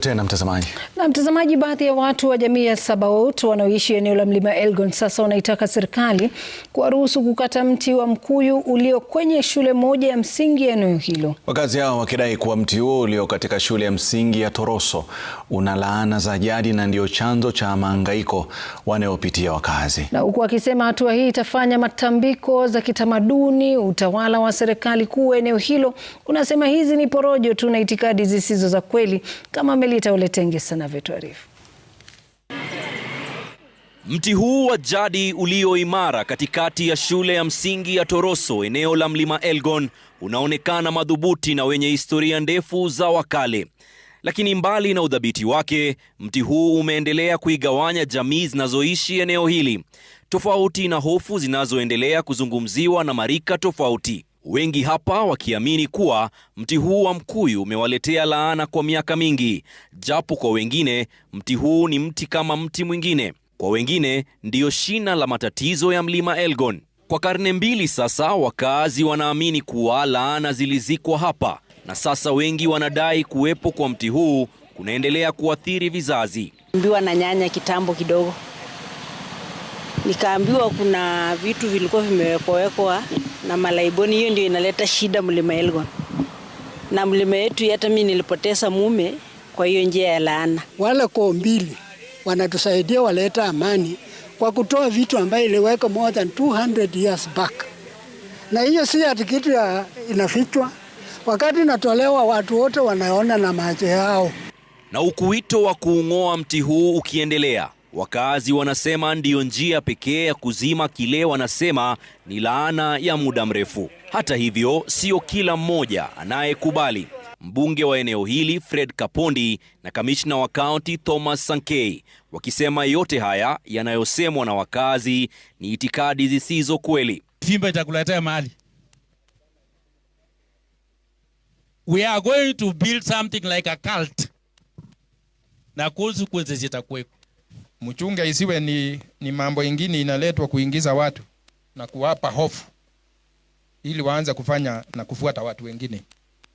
Tena mtazamaji. Na mtazamaji, baadhi ya watu wa jamii ya Sabaot wanaoishi eneo la Mlima Elgon sasa wanaitaka serikali kuwaruhusu kukata mti wa mkuyu ulio kwenye shule moja ya msingi ya eneo hilo. Wakazi hao wakidai kuwa mti huo ulio katika shule ya msingi ya Toroso una laana za jadi na ndio chanzo cha maangaiko wanayopitia wakazi. Na huku wakisema hatua hii itafanya matambiko za kitamaduni, utawala wa serikali kuu eneo hilo unasema hizi ni porojo tu na itikadi zisizo za kweli kama Melita Uletengis anavyotuarifu. Mti huu wa jadi ulio imara katikati ya shule ya msingi ya Toroso eneo la mlima Elgon unaonekana madhubuti na wenye historia ndefu za wakale. Lakini mbali na udhabiti wake, mti huu umeendelea kuigawanya jamii zinazoishi eneo hili, tofauti na hofu zinazoendelea kuzungumziwa na marika tofauti wengi hapa wakiamini kuwa mti huu wa mkuyu umewaletea laana kwa miaka mingi, japo kwa wengine mti huu ni mti kama mti mwingine. Kwa wengine ndiyo shina la matatizo ya mlima Elgon. Kwa karne mbili sasa, wakazi wanaamini kuwa laana zilizikwa hapa, na sasa wengi wanadai kuwepo kwa mti huu kunaendelea kuathiri vizazi. Ambiwa na nyanya kitambo kidogo, nikaambiwa kuna vitu vilikuwa vimewekwa na malaiboni. Hiyo ndio inaleta shida mlima Elgon, na mlima yetu hata mimi nilipoteza mume kwa hiyo njia ya laana. Wale koo mbili wanatusaidia, waleta amani kwa kutoa vitu ambayo iliweka more than 200 years back, na hiyo si ati kitu inafichwa. Wakati natolewa watu wote wanaona na macho yao. Na huku wito wa kuung'oa mti huu ukiendelea Wakazi wanasema ndiyo njia pekee ya kuzima kile wanasema ni laana ya muda mrefu. Hata hivyo, sio kila mmoja anayekubali. Mbunge wa eneo hili Fred Kapondi na kamishna wa kaunti Thomas Sankei wakisema yote haya yanayosemwa na wakazi ni itikadi zisizo kweli. Simba itakuletea mahali. We are going to build something like a cult. Na consequences zitakuweko mchunge isiwe ni, ni mambo ingine inaletwa kuingiza watu na kuwapa hofu ili waanze kufanya na kufuata watu wengine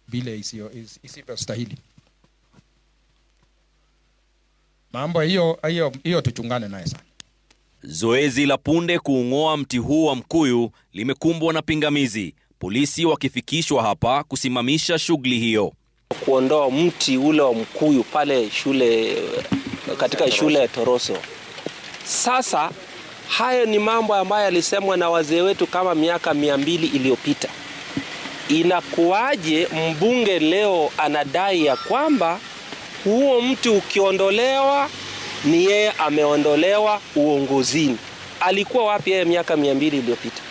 vile isivyostahili. Mambo hiyo hiyo hiyo tuchungane naye sana. Zoezi la punde kuung'oa mti huu wa mkuyu limekumbwa na pingamizi, polisi wakifikishwa hapa kusimamisha shughuli hiyo. Kuondoa mti ule wa mkuyu pale shule katika shule ya Toroso. Sasa hayo ni mambo ambayo yalisemwa na wazee wetu kama miaka mia mbili iliyopita. Inakuwaje mbunge leo anadai ya kwamba huo mti ukiondolewa ni yeye ameondolewa uongozini? Alikuwa wapi yeye miaka mia mbili iliyopita?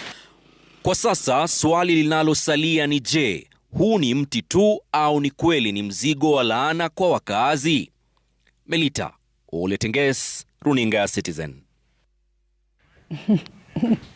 Kwa sasa swali linalosalia ni je, huu ni mti tu au ni kweli ni mzigo wa laana kwa wakaazi? Melita Ole runinga Citizen.